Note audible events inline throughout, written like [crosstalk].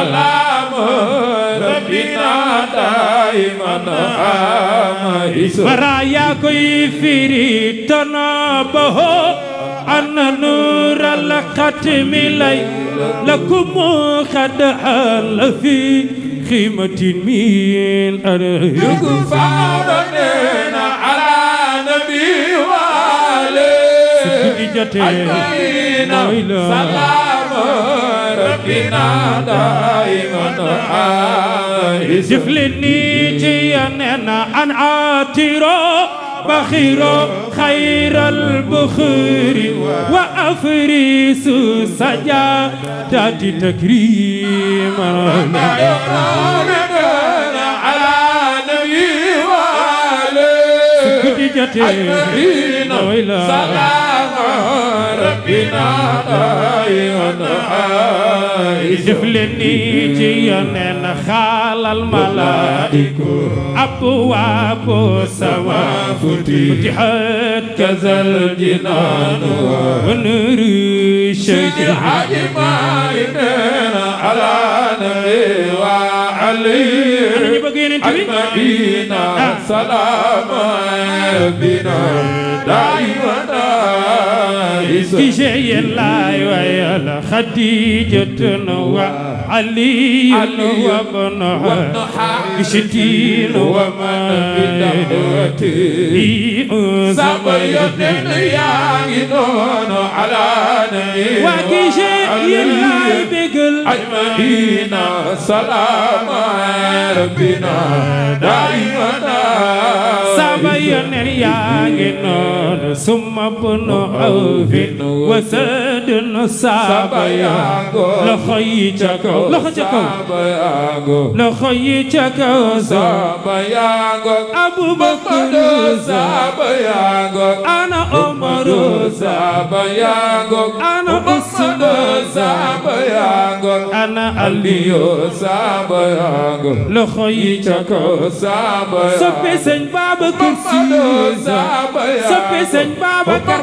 سلام ربنا دائما برايا كوي فيري تنابه أن نور الختم لي لكم قد حل في خيمة من أرهي يكفارنا على نبي والي سيدي جتي سلام ربنا دائما جفلني جيانا أن عاترا بخير خير البخير وأفريس سجادة تكريما على نبي وعلي سكتي جتي jëf leen ni ci yoneen xaalal malaa'iku abwaabu samaa futihat kazal jinaan wa nuuru Seydi Maalik alaa nabi wa alihi ajma'iin salaam rabbina جاي لا ويا خديجة وعلي وابن حشتين ومن بدعوتي سبيون يا على نبي أجمعين سلام ربنا دائما سبيان ياغن ثم بن عوف وسد سابيا لخي تشكو لخي تشكو لخي تشكو سابيا أبو بكر سابيا yango ana Umaru sahaba yango ana Usman sahaba yango ana Aliyu sahaba yango loxo yi ca kaw sahaba yango soppe Sëñ Babacar Si sahaba yango soppe Sëñ Babacar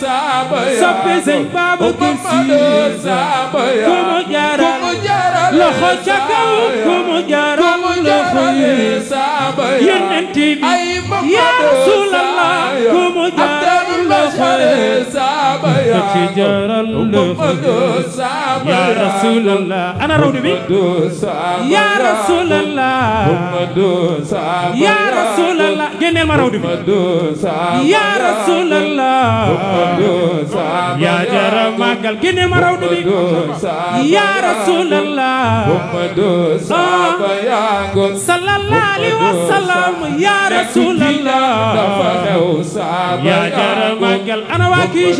sahaba yango soppe Sëñ Babacar Si sahaba yango ko mu jaaral loxo ca kaw ko mu jaaral loxo yi yonent bi يا رسول الله قوم جار يا رسول الله انا رودي بي يا رسول الله يا رسول الله ne neel ma raw di bi ya rasulallah ya jara màggal gi neel ma raw di bi ya rasulallah ah. sallallahu alayhi wa sallam ya rasulallah ya jara màggal ana waa kii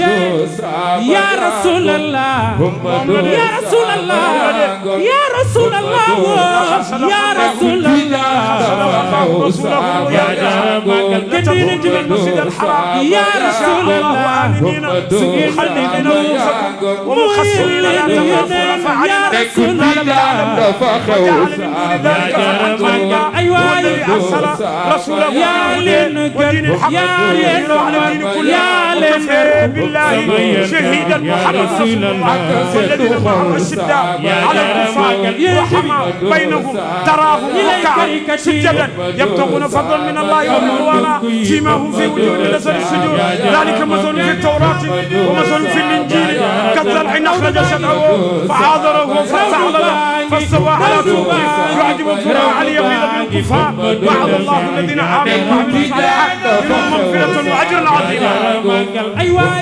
ya rasulallah رسول الله يا رسول الله يا رسول الله يا يا رسول الله يا رسول الله أيوة يا لين يا لين يا لين بالله شهيدا محمد رسول الله والشدة على الكفار رحمة بينهم تراهم ركعا سجدا يبتغون فضلا من الله ورضوانا فيما هم في وجود الأسد السجود ذلك مثل في التوراة ومثل في الإنجيل كالزرع أخرج شرعه فعاذره فاستعلمه فاستوى على سوقه يعجب الفراء عليا في الكفار وعد الله الذين امنوا وعملوا الصالحات لهم مغفره واجرا عظيما ايوه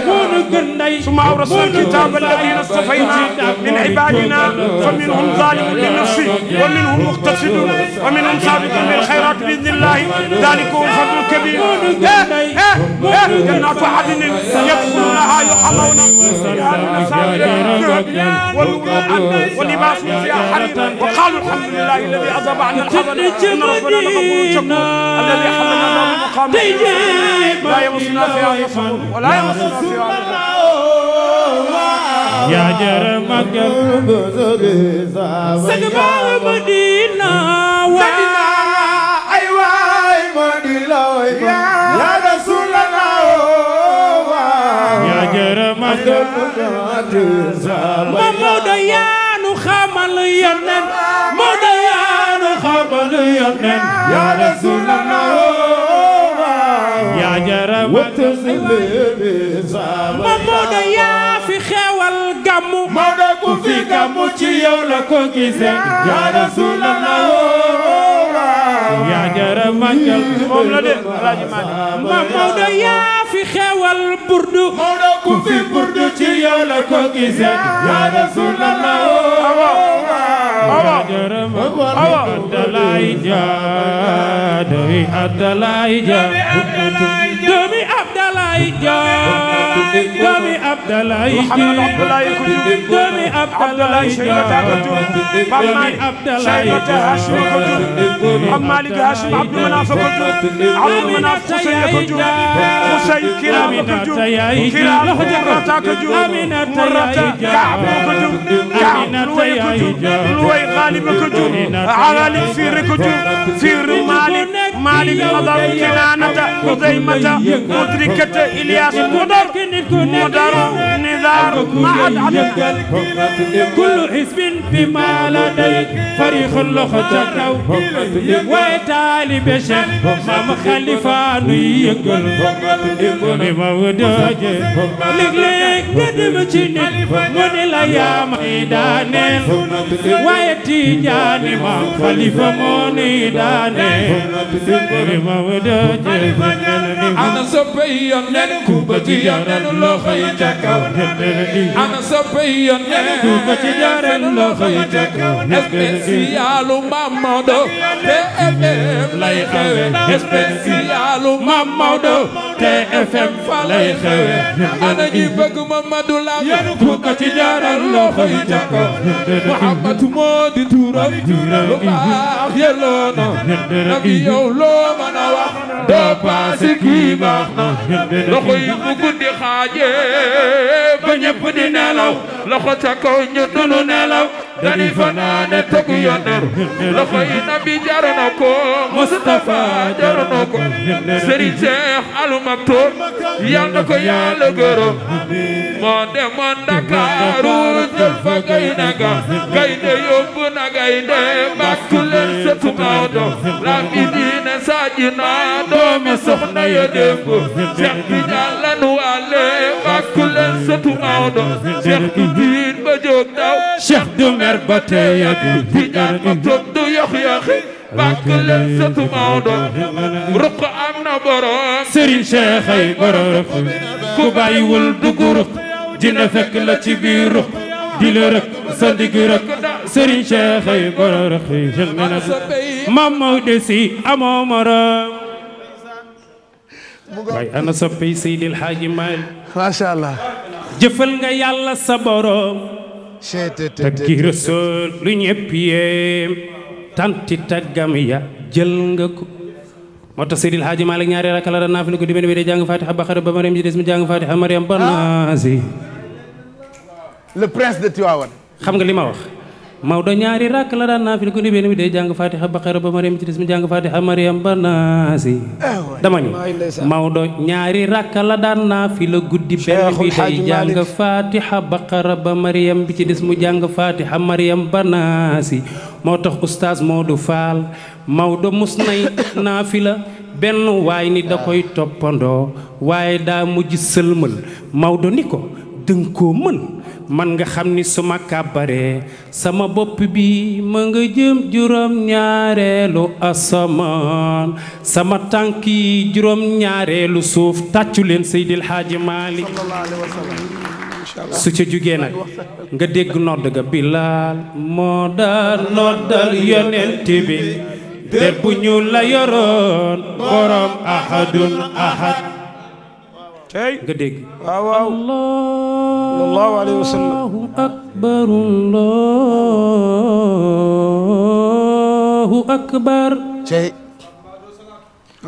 كونوا ثم اورثنا الكتاب الذين اصطفينا من عبادنا فمنهم ظالم لنفسه مقتصد ومنهم سابق بالخيرات باذن الله ذلك هو الفضل الكبير جنات عدن يدخلونها يحمون ولباسهم فيها حرير وقالوا الحمد لله الذي اذهب عنا الحزن ان ربنا لغفور شكور الذي حملنا باب المقام لا يمسنا فيها نصب ولا يمسنا فيها نصب yaa jara magal sëg baa Madina waa ay waay Madina yaa Rasulallah oh, yaa jara magal ma Maodo yaa nu xamal yonent Maodo yaa nu xamal yonent yaa Rasulallah oh, yaa jara magal ku fi gàmmu ci yow la ko gise yaa rasulallah yaa jara màggal moom la de alaaji ma Maodo yaa fi xewal burdu Maodo ku fi burdu ci yow la ko gise yaa rasulallah awa awa Abdalaay Ja doomi Abdalaay Ja doomi Abdalaay Ja doomi Abdalay Muhammad Abdalay ku jub doomi Abdalay Cheikh Taka jub Mame Abdalay Cheikh Taka Hashim ko jub Mame Malick Hashim Abdou Manaf ko jub Abdou Manaf Hussein ko jub Hussein Kiram ko jub Kiram Murata ko jub Murata Kaab ko jub Kaab Luway ko jub Luway Ghalib ko jub Ghalib Fir ko jub Fir Malik مالك مضر كنانة خزيمة مدركة إلياس مدر مدر نذار معد عدد كل حزب بما لديك فريق لختنا ويتالي بشر مام خليفة نيقل بمودج لك لك قدم جنين من الأيام دانين ويتي جاني مام خليفة موني دانين ana soppe yi yoon nen kuba ci yoon loxo yi ca kaw ana soppe yi yoon nen kuba ci yoon loxo yi ca kaw spécialu Mam Maodo TFM lay xewe spécialu Mam Maodo TFM fa lay xewe ana ñi bëgg Mamadou Lam yéen ku ko ci jaaral loxo yi jàkko Mouhamadou moo di turam lu baax yelloo na nag yow loo mën a wax doo paase kii baax na loxo yi bu guddi xaaje ba ñëpp di nelaw loxo ca kaw ñu dunu nelaw dani fanaane tëgg yondeer loxo yi nabi jar Mustafa jar na ko Serigne Cheikh Al Maktoum yal na ko Yàlla moo demoon Ndakaaru jël fa gaynde ga gaynde yóbbu na gaynde bàkku leen sëtu Maodo la bi diine saaji na doomi soxna ya démb Cheikh bi jàll nu wàlle bàkku leen sëtu Maodo Cheikh bi diin ba jóg daw du mer ba tey ak di ñaan ma toog du yox yaxi bànk leen sëtu Maodo am na borom Serigne Cheikh ay borom ku bàyyiwul dugg ruq dina fekk la ci biir ruq di la rek sa digg rek Serigne Cheikh ay borom maam si amoo morom waaye ana soppey Seydil Haaji Maalik macha allah jëfal nga yàlla sa borom taggi rasul lu ñëpp yéem tanti taggam ya jël nga ko moo tax Seydil Hadji Malick ñaari rakka la daan naafilu ko di benn bi de jàng fatiha ba xara ba mariam ji des mi jàng fatiha mariam ba naasi le prince xam nga li ma wax Maodo ñaari rakk la daan naa fi guddi benn day jàng Fatiha Baqara ba Mariam ci des mi jàng Fatiha Mariam ba naasi eh ñaari ràkk la daan naa fi la guddi benn bi day jàng Fatiha Baqara ba Mariam bi ci des mu jàng Fatiha Mariam ba naasi moo tax oustaz Modou Fall Maodo mus nay [coughs] naa la benn waay ni da koy toppandoo waaye daa mujj sëlmal Maodo ni ko dëng koo mën man nga xam ni su ma kàbbaree sama bopp bi ma nga jëm juróom ñaareelu asamaan sama tànk yi juróom ñaareelu suuf tàccu leen Seydil Haaji Maalik su ca jugee nag nga dégg nodd ga Bilaal moo daan noddal yonent bi te bu ñu la yoroon borom ahadun ahad tey nga dégg waaw waaw sallallahu alayhi wa sallam allahu akbar allahu akbar tey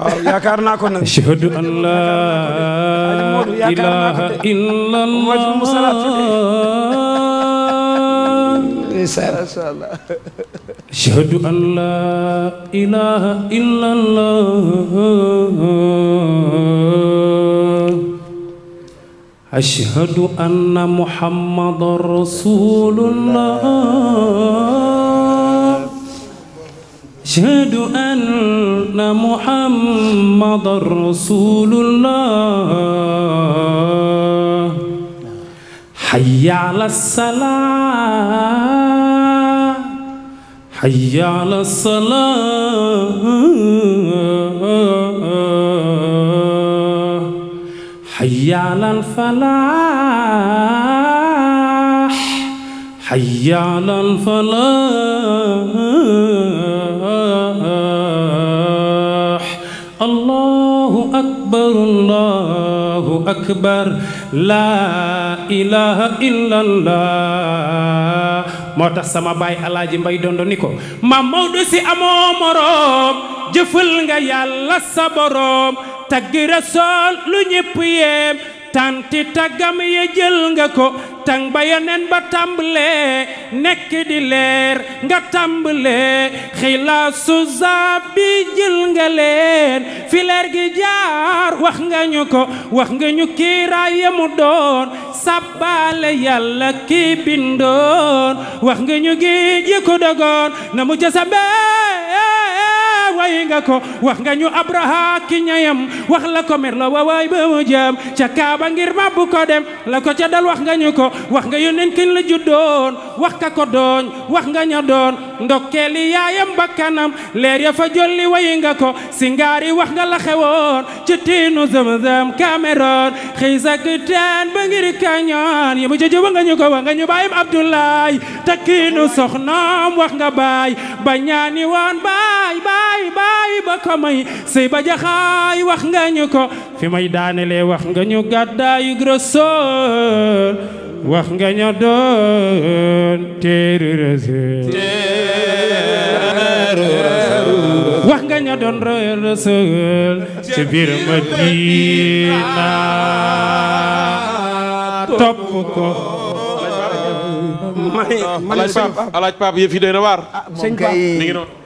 waaw yaakaar naa ko nag ashhadu an laa ilaaha illa allah ashhadu an laa ilaaha illa allah أشهد أن محمد رسول الله أشهد أن محمد رسول الله حي على الصلاة حي على الصلاة حي على الفلاح حي على الفلاح الله أكبر الله أكبر لا إله إلا الله moo tax sama baay alaaji mbay dondo ni ko ma Maodo si amoo moroom jëfal nga yàlla sa boroom tagg rasool lu ñépp yéem tanti taggam ya jël nga ko tang ba yonen ba tàmbalee nekk di leer nga tàmbalee xilaasu zabbi jël nga leen fi leer gi jaar wax nga ñu ko wax nga ñu kiiraay ya mu doon sàbbaale yàlla ki bindoon wax nga ñu géej yi dogoon na mu ca may nga wax nga ñu abraha ki ñayam wax la ko mer la wawaay ba mu jaam ca kaaba ngir mabbu ko dem la ko ca dal wax nga ñu ko wax nga yónneen kañ la juddoon wax ka ko dooñ wax nga ña doon yi yaayam ba kanam leer ya fa jolli way nga ko si singaari wax nga la xewoon ci tiinu zamzam Cameroon xiisa ki teen ba ngir kañoon yi mu jojo wa nga ñu ko wax nga ñu baayam Abdoulaye takkiinu soxnaam wax nga baay ba ñaani woon baay baay baay ba ko may ba jaxaay wax nga ñu ko fi may daanelee wax nga ñu gàddaayu Rasool wax nga ñu doon teeru Rasool wax nga doon Rasool ci biir Madina topp ko alaaj paap alaaj paap yëf na waar ah, mi ngi